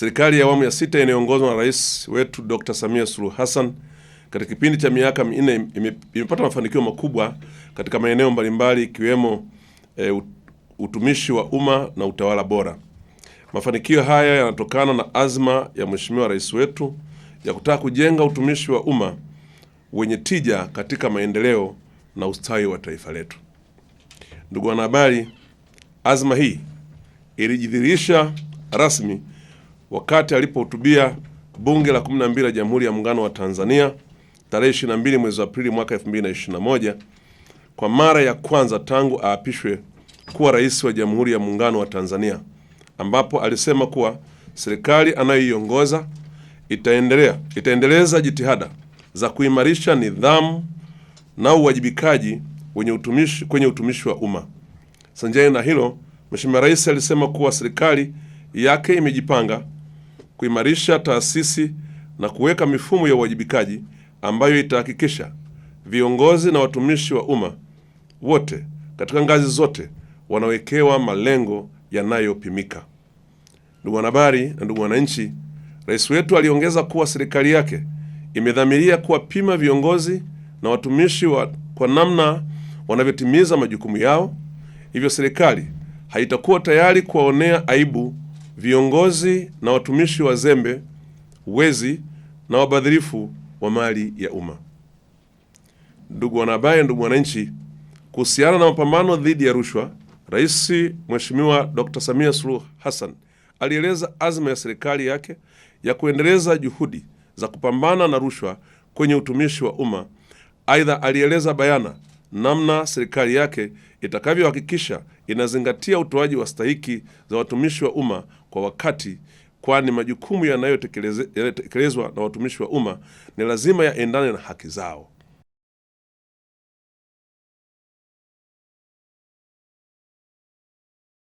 Serikali ya awamu ya sita inayoongozwa na rais wetu Dr. Samia Suluhu Hassan katika kipindi cha miaka minne imepata mafanikio makubwa katika maeneo mbalimbali ikiwemo e, utumishi wa umma na utawala bora. Mafanikio haya yanatokana na azma ya Mheshimiwa rais wetu ya kutaka kujenga utumishi wa umma wenye tija katika maendeleo na ustawi wa taifa letu. Ndugu wanahabari, azma hii ilijidhihirisha rasmi wakati alipohutubia Bunge la 12 la Jamhuri ya Muungano wa Tanzania tarehe 22 mwezi Aprili mwaka 2021 kwa mara ya kwanza tangu aapishwe kuwa rais wa Jamhuri ya Muungano wa Tanzania, ambapo alisema kuwa serikali anayoiongoza itaendelea itaendeleza jitihada za kuimarisha nidhamu na uwajibikaji kwenye utumishi, kwenye utumishi wa umma. Sanjari na hilo, Mheshimiwa Rais alisema kuwa serikali yake imejipanga kuimarisha taasisi na kuweka mifumo ya uwajibikaji ambayo itahakikisha viongozi na watumishi wa umma wote katika ngazi zote wanawekewa malengo yanayopimika. Ndugu wanahabari na ndugu wananchi, rais wetu aliongeza kuwa serikali yake imedhamiria kuwapima viongozi na watumishi wa kwa namna wanavyotimiza majukumu yao, hivyo serikali haitakuwa tayari kuwaonea aibu viongozi na watumishi wazembe, wezi na wabadhirifu wa mali ya umma. Ndugu wanahabari, ndugu wananchi, kuhusiana na mapambano dhidi ya rushwa, Rais Mheshimiwa Dr. Samia Suluhu Hassan alieleza azma ya serikali yake ya kuendeleza juhudi za kupambana na rushwa kwenye utumishi wa umma. Aidha, alieleza bayana namna serikali yake itakavyohakikisha inazingatia utoaji wa stahiki za watumishi wa umma kwa wakati, kwani majukumu yanayotekelezwa na watumishi wa umma ni lazima yaendane na haki zao.